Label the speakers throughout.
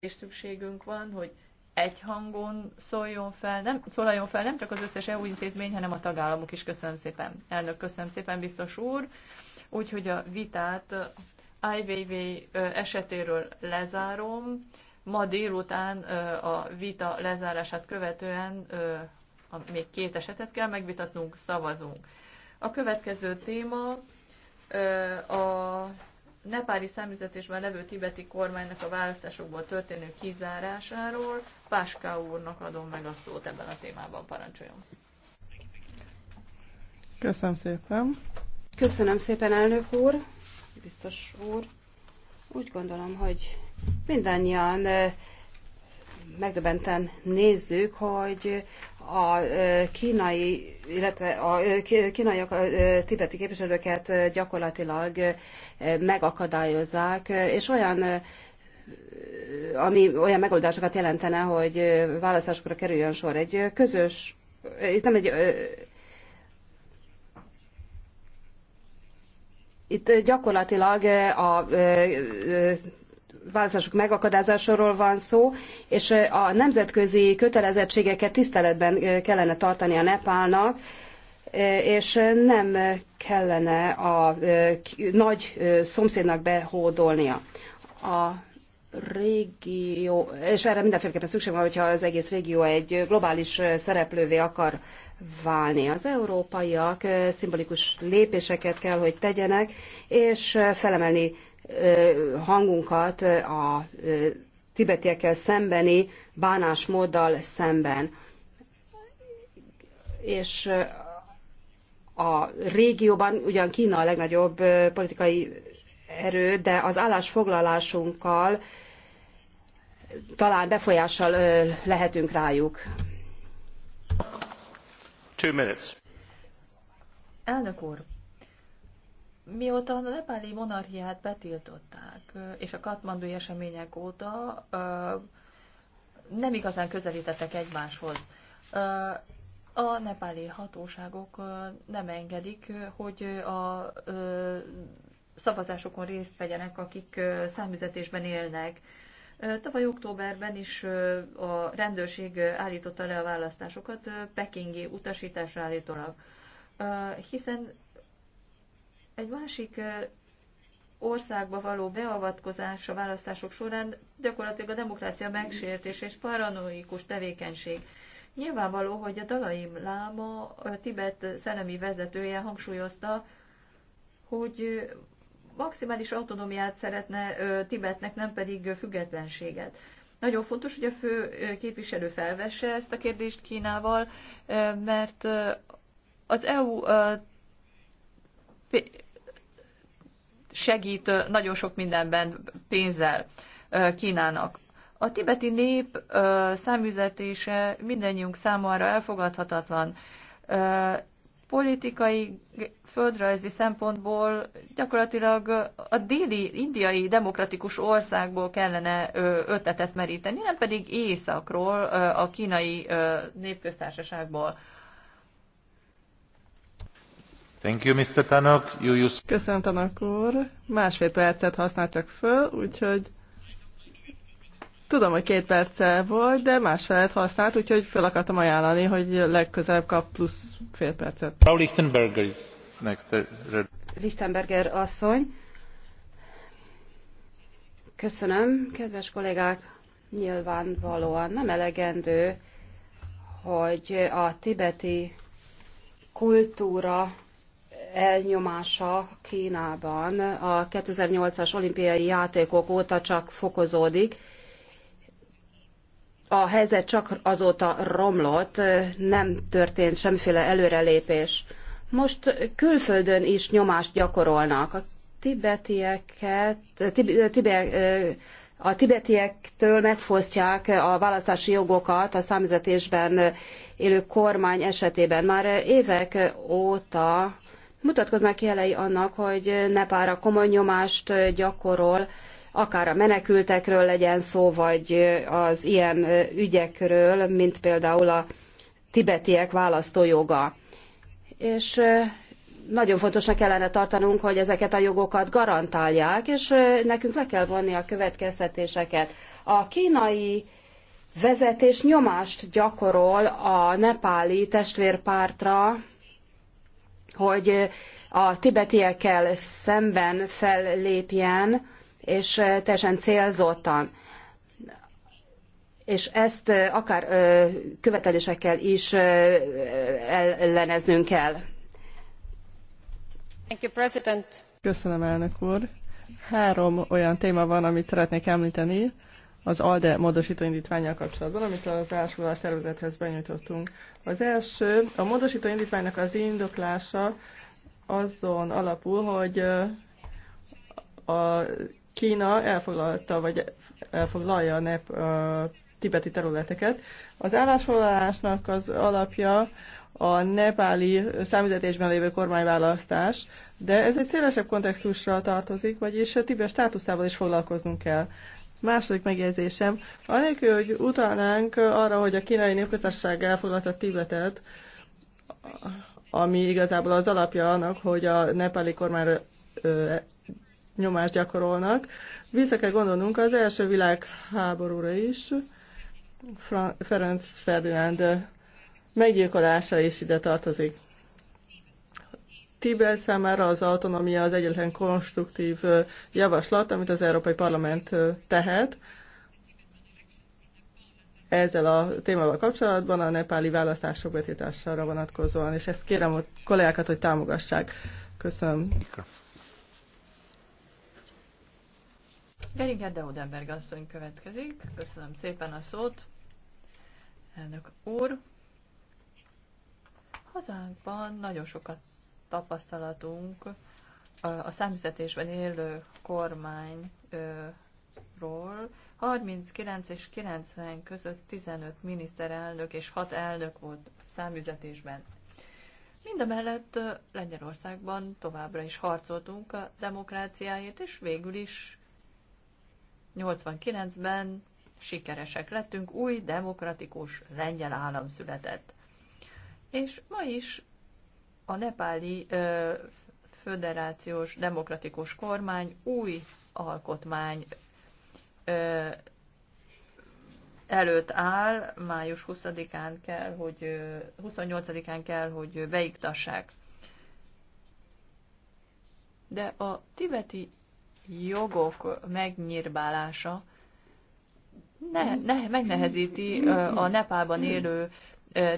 Speaker 1: és szükségünk van, hogy egy hangon szóljon fel, nem, szólaljon fel nem csak az összes EU intézmény, hanem a tagállamok is. Köszönöm szépen. Elnök, köszönöm szépen, biztos úr. Úgyhogy a vitát IVV esetéről lezárom. Ma délután a vita lezárását követően még két esetet kell megvitatnunk, szavazunk. A következő téma a nepáli szemüzetésben levő tibeti kormánynak a választásokból történő kizárásáról. Páská úrnak adom meg a szót ebben a témában, parancsoljon.
Speaker 2: Köszönöm szépen.
Speaker 3: Köszönöm szépen, elnök úr, biztos úr. Úgy gondolom, hogy mindannyian eh, megdöbbenten nézzük, hogy a kínai, illetve a kínaiak a tibeti képviselőket gyakorlatilag megakadályozzák, és olyan ami olyan megoldásokat jelentene, hogy választásokra kerüljön sor. Egy közös, itt nem egy itt gyakorlatilag a választások megakadázásáról van szó, és a nemzetközi kötelezettségeket tiszteletben kellene tartani a Nepálnak, és nem kellene a nagy szomszédnak behódolnia. A régió, és erre mindenféleképpen szükség van, hogyha az egész régió egy globális szereplővé akar válni. Az európaiak szimbolikus lépéseket kell, hogy tegyenek, és felemelni hangunkat a tibetiekkel szembeni bánásmóddal szemben. És a régióban ugyan Kína a legnagyobb politikai erő, de az állásfoglalásunkkal talán befolyással lehetünk rájuk.
Speaker 2: Two minutes.
Speaker 3: Elnök úr, Mióta
Speaker 1: a nepáli monarchiát betiltották, és a katmandui események óta nem igazán közelítettek egymáshoz. A nepáli hatóságok nem engedik, hogy a szavazásokon részt vegyenek, akik számüzetésben élnek. Tavaly októberben is a rendőrség állította le a választásokat pekingi utasításra állítólag, hiszen egy másik országba való beavatkozás a választások során gyakorlatilag a demokrácia megsértése és paranoikus tevékenység. Nyilvánvaló, hogy a Dalaim Láma, a Tibet szellemi vezetője hangsúlyozta, hogy maximális autonómiát szeretne Tibetnek, nem pedig függetlenséget. Nagyon fontos, hogy a fő képviselő felvesse ezt a kérdést Kínával, mert az EU segít nagyon sok mindenben pénzzel Kínának. A tibeti nép száműzetése mindannyiunk számára elfogadhatatlan. Politikai, földrajzi szempontból gyakorlatilag a déli indiai demokratikus országból kellene ötletet meríteni, nem pedig északról, a kínai népköztársaságból. Thank you, Mr. You use...
Speaker 2: Köszönöm, Tanak úr. Másfél percet használtak csak föl, úgyhogy tudom, hogy két perccel volt, de másfelet használt, úgyhogy föl akartam ajánlani, hogy legközelebb kap
Speaker 3: plusz fél
Speaker 2: percet.
Speaker 1: Frau Lichtenberger is next. Uh,
Speaker 3: Lichtenberger asszony. Köszönöm, kedves kollégák. Nyilvánvalóan nem elegendő, hogy a tibeti kultúra elnyomása Kínában a 2008-as olimpiai játékok óta csak fokozódik. A helyzet csak azóta romlott, nem történt semmiféle előrelépés. Most külföldön is nyomást gyakorolnak. A tibetieket, tib, tibe, a tibetiektől megfosztják a választási jogokat a számüzetésben élő kormány esetében. Már évek óta mutatkoznak jelei annak, hogy Nepára komoly nyomást gyakorol, akár a menekültekről legyen szó, vagy az ilyen ügyekről, mint például a tibetiek választójoga. És nagyon fontosnak kellene tartanunk, hogy ezeket a jogokat garantálják, és nekünk le kell vonni a következtetéseket. A kínai vezetés nyomást gyakorol a nepáli testvérpártra, hogy a tibetiekkel szemben fellépjen, és teljesen célzottan. És ezt akár követelésekkel is elleneznünk kell. You, Köszönöm,
Speaker 2: elnök úr. Három olyan téma van, amit szeretnék említeni az ALDE módosító indítványjal kapcsolatban, amit az állásfoglalás tervezethez benyújtottunk. Az első, a módosító indítványnak az indoklása azon alapul, hogy a Kína elfoglalta, vagy elfoglalja a, nep, a tibeti területeket. Az állásfoglalásnak az alapja a nepáli számüzetésben lévő kormányválasztás, de ez egy szélesebb kontextusra tartozik, vagyis a Tibet státuszával is foglalkoznunk kell. Második megjegyzésem, anélkül, hogy utalnánk arra, hogy a kínai népköztársaság elfoglalta Tibetet, ami igazából az alapja annak, hogy a nepáli kormányra nyomást gyakorolnak. Vissza kell gondolnunk az első világháborúra is. Fra- Ferenc Ferdinánd meggyilkolása is ide tartozik. Tibet számára az autonómia az egyetlen konstruktív javaslat, amit az Európai Parlament tehet. Ezzel a témával kapcsolatban a nepáli választások betétására vonatkozóan, és ezt kérem a kollégákat, hogy támogassák. Köszönöm.
Speaker 1: Geringer Deodenberg asszony következik. Köszönöm szépen a szót. Elnök úr, hazánkban nagyon sokat tapasztalatunk a számüzetésben élő kormányról. 39 és 90 között 15 miniszterelnök és 6 elnök volt számüzetésben. Mindemellett Lengyelországban továbbra is harcoltunk a demokráciáért, és végül is 89-ben sikeresek lettünk, új demokratikus lengyel állam született. És ma is a nepáli föderációs demokratikus kormány új alkotmány előtt áll, május 20-án kell, hogy 28-án kell, hogy beiktassák. De a tibeti jogok megnyírbálása ne, ne, megnehezíti a Nepálban élő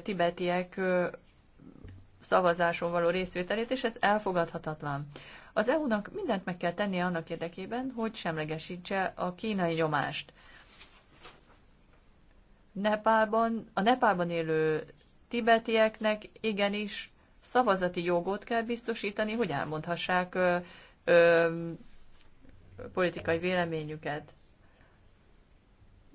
Speaker 1: tibetiek szavazáson való részvételét, és ez elfogadhatatlan. Az EU-nak mindent meg kell tennie annak érdekében, hogy semlegesítse a kínai nyomást. Nepálban, a Nepálban élő tibetieknek igenis szavazati jogot kell biztosítani, hogy elmondhassák ö, ö, politikai véleményüket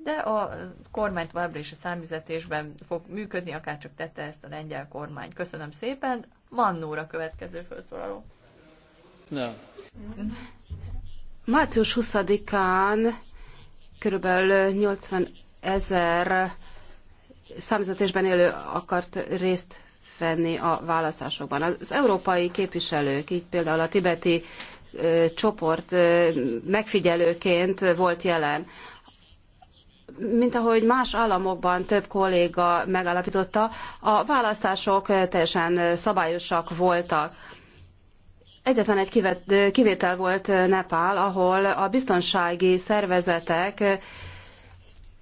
Speaker 1: de a kormány továbbra is a számüzetésben fog működni, akár csak tette ezt a lengyel kormány. Köszönöm szépen. Mannóra következő felszólaló.
Speaker 2: No.
Speaker 3: Március 20-án körülbelül 80 ezer számüzetésben élő akart részt venni a választásokban. Az európai képviselők, így például a tibeti ö, csoport ö, megfigyelőként volt jelen mint ahogy más államokban több kolléga megállapította, a választások teljesen szabályosak voltak. Egyetlen egy kivétel volt Nepál, ahol a biztonsági szervezetek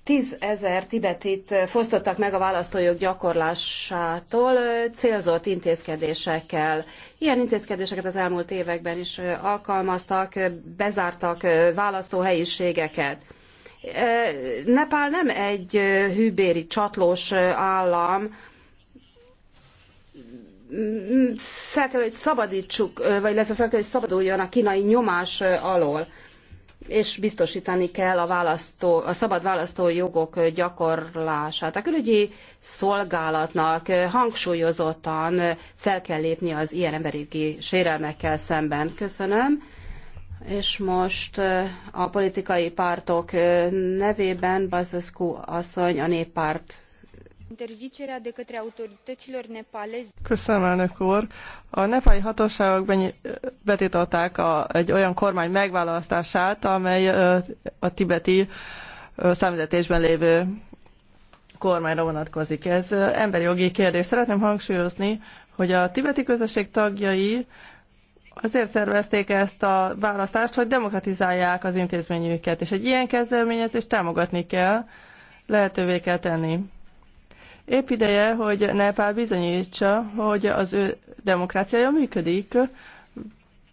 Speaker 3: tízezer tibetit fosztottak meg a választójog gyakorlásától célzott intézkedésekkel. Ilyen intézkedéseket az elmúlt években is alkalmaztak, bezártak választóhelyiségeket. Nepál nem egy hűbéri csatlós állam, fel kell, hogy szabadítsuk, vagy lesz fel kell, hogy szabaduljon a kínai nyomás alól, és biztosítani kell a, választó, a szabad választójogok gyakorlását. A külügyi szolgálatnak hangsúlyozottan fel kell lépni az ilyen emberi sérelmekkel szemben. Köszönöm. És most a politikai pártok nevében Bazescu asszony a néppárt de
Speaker 2: Köszönöm, elnök úr. A nepáli hatóságok betiltották a, egy olyan kormány megválasztását, amely a tibeti számüzetésben lévő kormányra vonatkozik. Ez emberi jogi kérdés. Szeretném hangsúlyozni, hogy a tibeti közösség tagjai Azért szervezték ezt a választást, hogy demokratizálják az intézményüket, és egy ilyen kezdeményezést támogatni kell, lehetővé kell tenni. Épp ideje, hogy Nepál bizonyítsa, hogy az ő demokráciája működik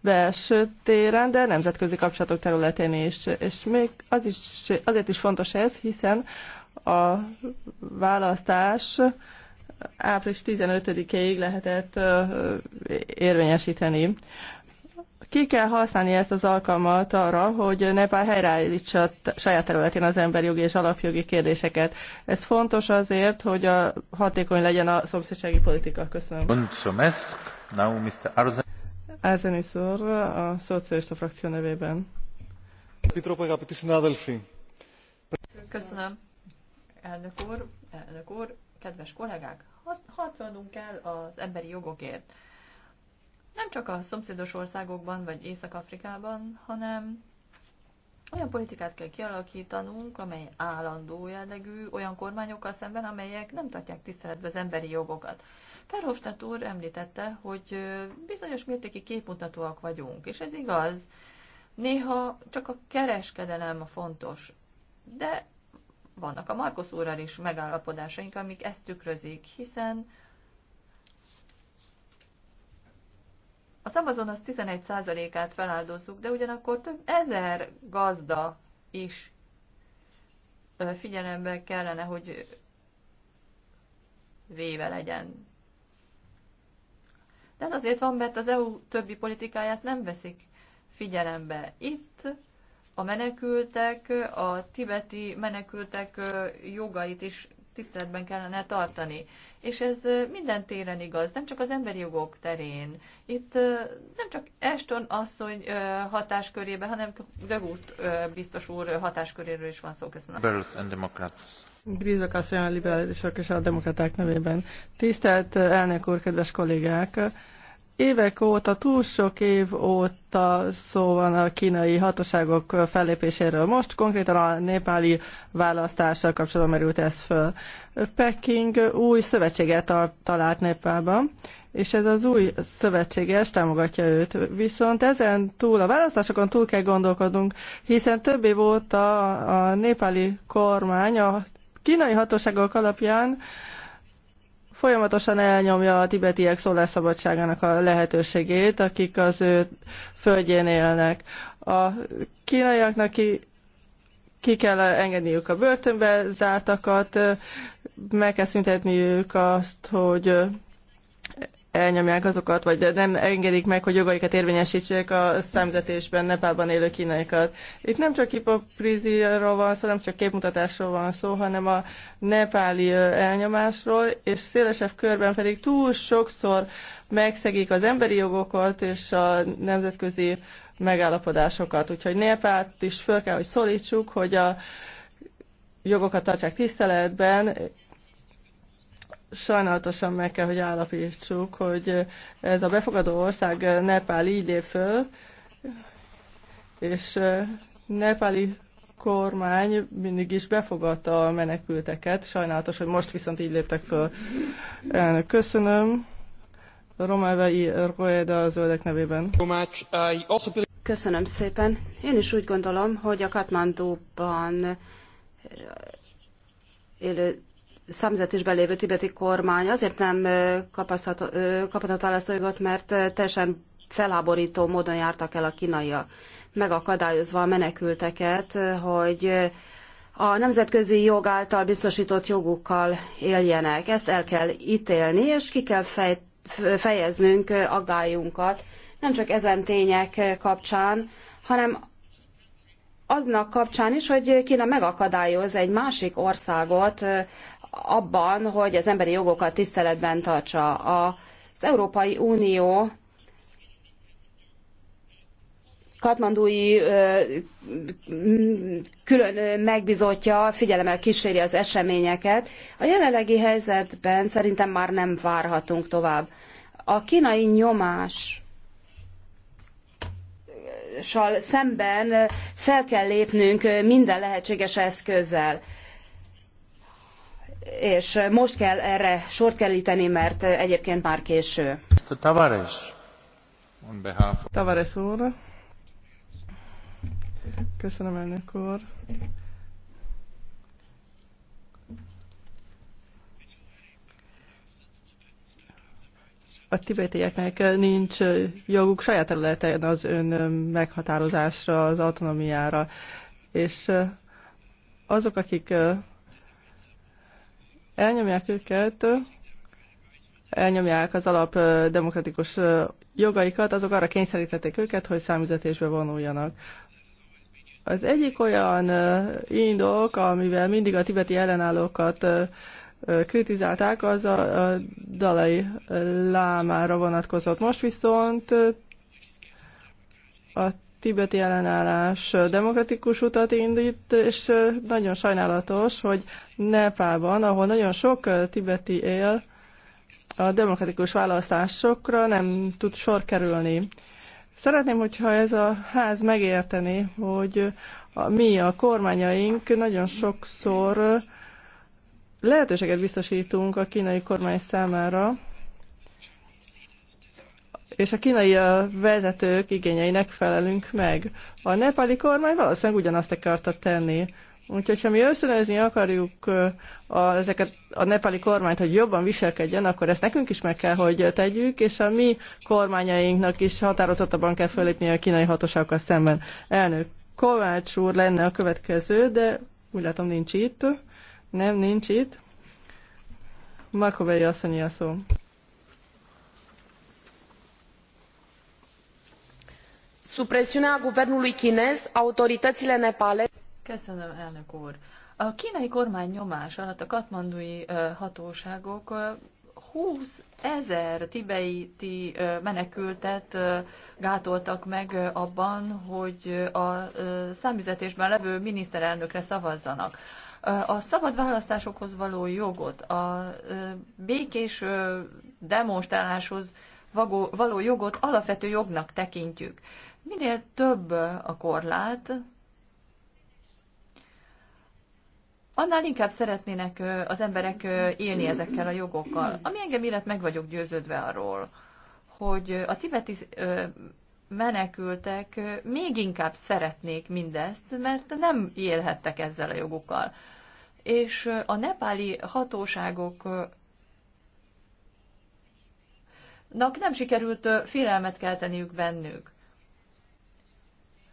Speaker 2: belső téren, de nemzetközi kapcsolatok területén is. És még az is, azért is fontos ez, hiszen a választás április 15-ig lehetett érvényesíteni. Ki kell használni ezt az alkalmat arra, hogy Nepál helyreállítsa saját területén az emberi jogi és alapjogi kérdéseket. Ez fontos azért, hogy a hatékony legyen a szomszédsági politika. Köszönöm. Arzenis úr, a szocialista frakció nevében.
Speaker 1: Köszönöm. Elnök úr, elnök úr, kedves kollégák, harcolnunk kell az emberi jogokért. Nem csak a szomszédos országokban vagy Észak-Afrikában, hanem olyan politikát kell kialakítanunk, amely állandó jellegű, olyan kormányokkal szemben, amelyek nem tartják tiszteletbe az emberi jogokat. Perhofstadt úr említette, hogy bizonyos mértéki képmutatóak vagyunk, és ez igaz. Néha csak a kereskedelem a fontos, de vannak a Markus úrral is megállapodásaink, amik ezt tükrözik, hiszen a szavazon az 11%-át feláldozzuk, de ugyanakkor több ezer gazda is figyelembe kellene, hogy véve legyen. De ez azért van, mert az EU többi politikáját nem veszik figyelembe. Itt a menekültek, a tibeti menekültek jogait is tiszteletben kellene tartani. És ez minden téren igaz, nem csak az emberi jogok terén. Itt nem csak Eston asszony hatáskörébe, hanem Dögút biztos úr hatásköréről is van szó. Köszönöm. Liberals and Democrats.
Speaker 2: Grízbek asszony a liberálisok és a demokraták nevében. Tisztelt elnök úr, kedves kollégák! évek óta, túl sok év óta szó van a kínai hatóságok fellépéséről. Most konkrétan a népáli választással kapcsolatban merült ez föl. Peking új szövetséget talált Népálban, és ez az új szövetséges támogatja őt. Viszont ezen túl, a választásokon túl kell gondolkodnunk, hiszen több év óta a népáli kormány a kínai hatóságok alapján folyamatosan elnyomja a tibetiek szólásszabadságának a lehetőségét, akik az ő földjén élnek. A kínaiaknak ki, ki kell engedniük a börtönbe zártakat, meg kell szüntetniük azt, hogy elnyomják azokat, vagy nem engedik meg, hogy jogaikat érvényesítsék a számzetésben Nepálban élő kínaiakat. Itt nem csak hipokriziáról van szó, nem csak képmutatásról van szó, hanem a nepáli elnyomásról, és szélesebb körben pedig túl sokszor megszegik az emberi jogokat és a nemzetközi megállapodásokat. Úgyhogy Népát is föl kell, hogy szólítsuk, hogy a jogokat tartsák tiszteletben, sajnálatosan meg kell, hogy állapítsuk, hogy ez a befogadó ország Nepál így lép föl, és nepáli kormány mindig is befogadta a menekülteket. Sajnálatos, hogy most viszont így léptek föl. Elnök, köszönöm.
Speaker 3: Romávai Rueda a zöldek nevében. Köszönöm szépen. Én is úgy gondolom, hogy a Katmandóban élő számzetésben lévő tibeti kormány azért nem kaphatott választójogot, mert teljesen feláborító módon jártak el a kínaiak, megakadályozva a menekülteket, hogy a nemzetközi jog által biztosított jogukkal éljenek. Ezt el kell ítélni, és ki kell fej, fejeznünk aggályunkat, nem csak ezen tények kapcsán, hanem aznak kapcsán is, hogy Kína megakadályoz egy másik országot abban, hogy az emberi jogokat tiszteletben tartsa. Az Európai Unió katmandúi külön megbizotja figyelemmel kíséri az eseményeket. A jelenlegi helyzetben szerintem már nem várhatunk tovább. A kínai nyomás szemben fel kell lépnünk minden lehetséges eszközzel és most kell erre sort keríteni, mert egyébként már késő. Tavares. Tavares úr.
Speaker 2: Köszönöm, elnök úr. a tibetieknek nincs joguk saját területen az ön meghatározásra, az autonomiára. És azok, akik elnyomják őket, elnyomják az alap demokratikus jogaikat, azok arra kényszerítették őket, hogy számüzetésbe vonuljanak. Az egyik olyan indok, amivel mindig a tibeti ellenállókat kritizálták, az a dalai lámára vonatkozott. Most viszont a tibeti ellenállás demokratikus utat indít, és nagyon sajnálatos, hogy Nepában, ahol nagyon sok tibeti él, a demokratikus választásokra nem tud sor kerülni. Szeretném, hogyha ez a ház megérteni, hogy a, mi, a kormányaink nagyon sokszor lehetőséget biztosítunk a kínai kormány számára, és a kínai vezetők igényeinek felelünk meg. A nepáli kormány valószínűleg ugyanazt akarta tenni. Úgyhogy, ha mi összönözni akarjuk a, ezeket a nepáli kormányt, hogy jobban viselkedjen, akkor ezt nekünk is meg kell, hogy tegyük, és a mi kormányainknak is határozottabban kell fölépni a kínai hatóságokkal szemben. Elnök Kovács úr lenne a következő, de úgy látom nincs itt. Nem, nincs itt. Makovei asszonyi a szó. Sub presiunea
Speaker 1: guvernului
Speaker 3: chinez, autoritățile nepaleze.
Speaker 1: Köszönöm, elnök úr. A kínai kormány nyomás alatt a katmandui hatóságok 20 ezer tibeiti menekültet gátoltak meg abban, hogy a számüzetésben levő miniszterelnökre szavazzanak. A szabad választásokhoz való jogot, a békés demonstráláshoz való jogot alapvető jognak tekintjük Minél több a korlát, annál inkább szeretnének az emberek élni ezekkel a jogokkal. Ami engem illet, meg vagyok győződve arról, hogy a tibeti menekültek még inkább szeretnék mindezt, mert nem élhettek ezzel a jogukkal. És a nepáli hatóságoknak nem sikerült félelmet kelteniük bennük.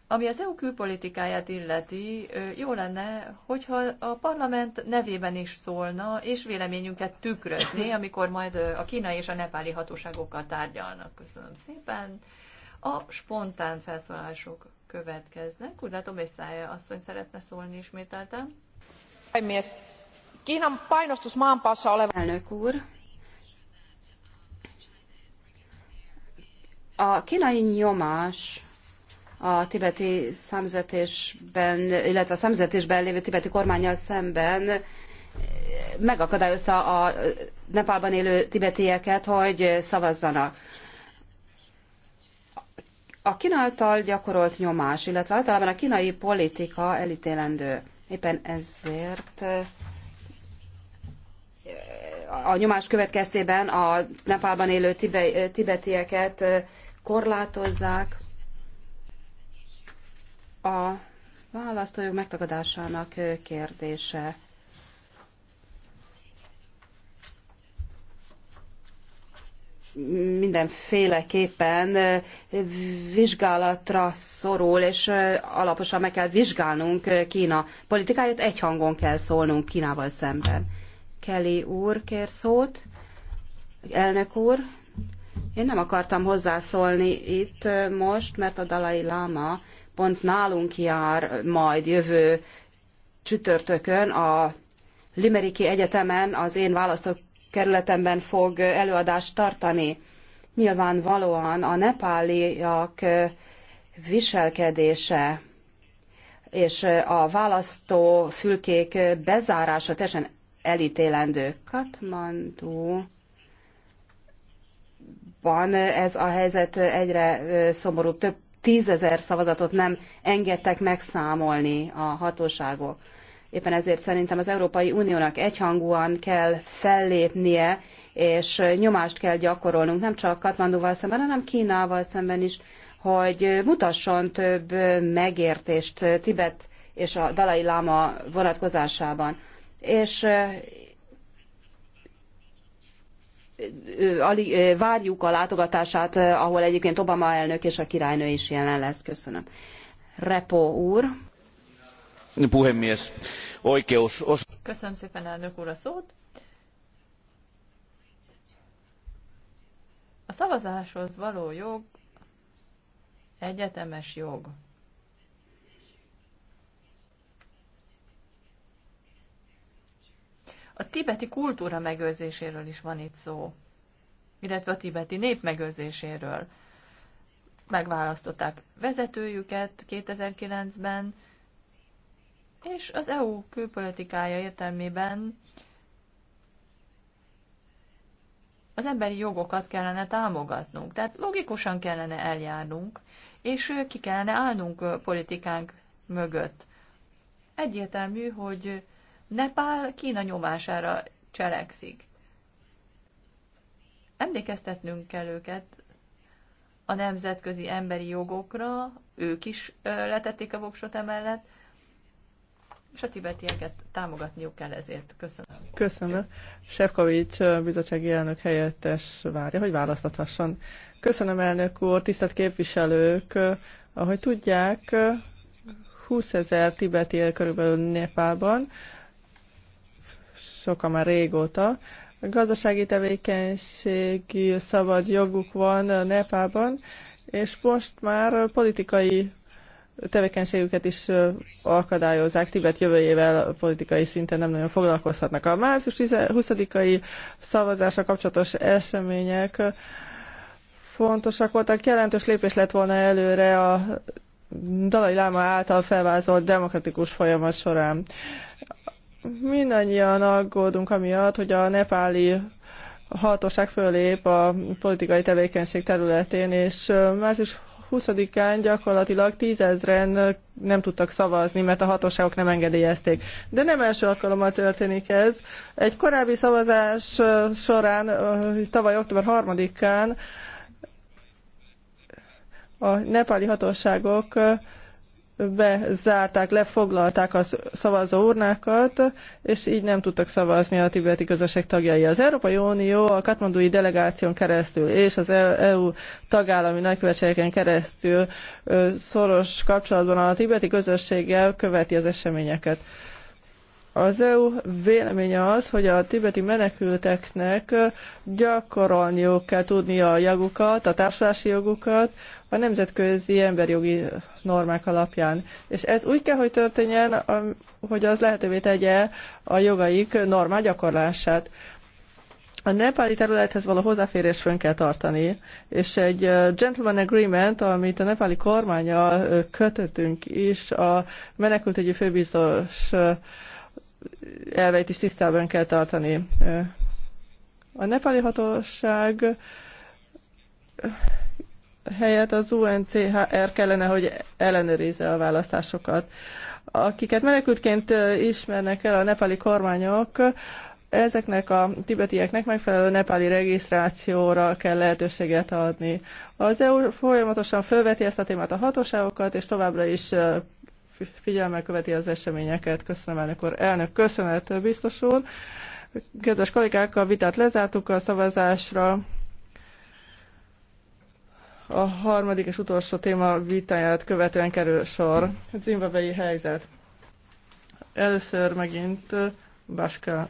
Speaker 1: Ami az EU külpolitikáját illeti, jó lenne, hogyha a parlament nevében is szólna, és véleményünket tükrözni, amikor majd a kínai és a nepáli hatóságokkal tárgyalnak. Köszönöm szépen. A spontán felszólások következnek. Úgy látom, hogy Szája asszony szeretne szólni ismételten.
Speaker 3: Kínan painostus maanpaassa oleva... Elnök úr, a kínai nyomás a tibeti szemzetésben, illetve a szemzetésben lévő tibeti kormányjal szemben megakadályozta a Nepálban élő tibetieket, hogy szavazzanak. A Kínáltal gyakorolt nyomás, illetve általában a kínai politika elítélendő. Éppen ezért eh, a nyomás következtében a Nepálban élő eh, tibetieket eh, korlátozzák, a választójog megtagadásának kérdése. mindenféleképpen vizsgálatra szorul, és alaposan meg kell vizsgálnunk Kína politikáját, egy hangon kell szólnunk Kínával szemben. Kelly úr kér szót. Elnök úr, én nem akartam hozzászólni itt most, mert a Dalai Lama pont nálunk jár majd jövő csütörtökön a Limeriki Egyetemen az én választókerületemben fog előadást tartani. Nyilvánvalóan a nepáliak viselkedése és a választó fülkék bezárása teljesen elítélendő. Katmandu van ez a helyzet egyre szomorúbb. Több tízezer szavazatot nem engedtek megszámolni a hatóságok. Éppen ezért szerintem az Európai Uniónak egyhangúan kell fellépnie, és nyomást kell gyakorolnunk, nem csak Katmandóval szemben, hanem Kínával szemben is, hogy mutasson több megértést Tibet és a Dalai Lama vonatkozásában. És várjuk a látogatását, ahol egyébként Obama elnök és a királynő is jelen lesz. Köszönöm. Repo úr. Puhemies. Oikeus. Köszönöm
Speaker 1: szépen elnök úr a szót. A szavazáshoz való jog egyetemes jog. A tibeti kultúra megőrzéséről is van itt szó, illetve a tibeti nép megőrzéséről. Megválasztották vezetőjüket 2009-ben, és az EU külpolitikája értelmében az emberi jogokat kellene támogatnunk. Tehát logikusan kellene eljárnunk, és ki kellene állnunk politikánk mögött. Egyértelmű, hogy Nepál Kína nyomására cselekszik. Emlékeztetnünk kell őket a nemzetközi emberi jogokra, ők is letették a voksot emellett, és a tibetieket támogatniuk kell ezért. Köszönöm.
Speaker 2: Köszönöm. Sefkovics bizottsági elnök helyettes várja, hogy választathasson. Köszönöm, elnök úr, tisztelt képviselők! Ahogy tudják, 20 ezer tibeti él körülbelül Nepálban, sokan már régóta. A gazdasági tevékenységű szabad joguk van a Nepában, és most már politikai tevékenységüket is akadályozzák. Tibet jövőjével politikai szinten nem nagyon foglalkozhatnak. A március 20-ai szavazásra kapcsolatos események fontosak voltak. Jelentős lépés lett volna előre a Dalai Láma által felvázolt demokratikus folyamat során mindannyian aggódunk amiatt, hogy a nepáli hatóság fölép a politikai tevékenység területén, és más is 20-án gyakorlatilag tízezren nem tudtak szavazni, mert a hatóságok nem engedélyezték. De nem első alkalommal történik ez. Egy korábbi szavazás során, tavaly október 3-án a nepáli hatóságok bezárták, lefoglalták a urnákat, és így nem tudtak szavazni a tibeti közösség tagjai. Az Európai Unió a katmandúi delegáción keresztül és az e- EU tagállami nagykövetségeken keresztül szoros kapcsolatban a tibeti közösséggel követi az eseményeket. Az EU véleménye az, hogy a tibeti menekülteknek gyakorolniuk kell tudni a jogukat, a társulási jogukat, a nemzetközi emberjogi normák alapján. És ez úgy kell, hogy történjen, hogy az lehetővé tegye a jogaik normál gyakorlását. A nepáli területhez való hozzáférés fönn kell tartani, és egy gentleman agreement, amit a nepáli kormányjal kötöttünk is, a menekültügyi főbiztos elveit is tisztában kell tartani. A nepáli hatóság helyett az UNCHR kellene, hogy ellenőrizze a választásokat. Akiket menekültként ismernek el a nepáli kormányok, ezeknek a tibetieknek megfelelő nepáli regisztrációra kell lehetőséget adni. Az EU folyamatosan felveti ezt a témát a hatóságokat, és továbbra is figyelmel követi az eseményeket. Köszönöm, elnök úr. Elnök, köszönet, biztos úr. Kedves kollégák, a vitát lezártuk a szavazásra a harmadik és utolsó téma vitáját követően kerül
Speaker 3: sor. Zimbabwei helyzet. Először megint uh, Baska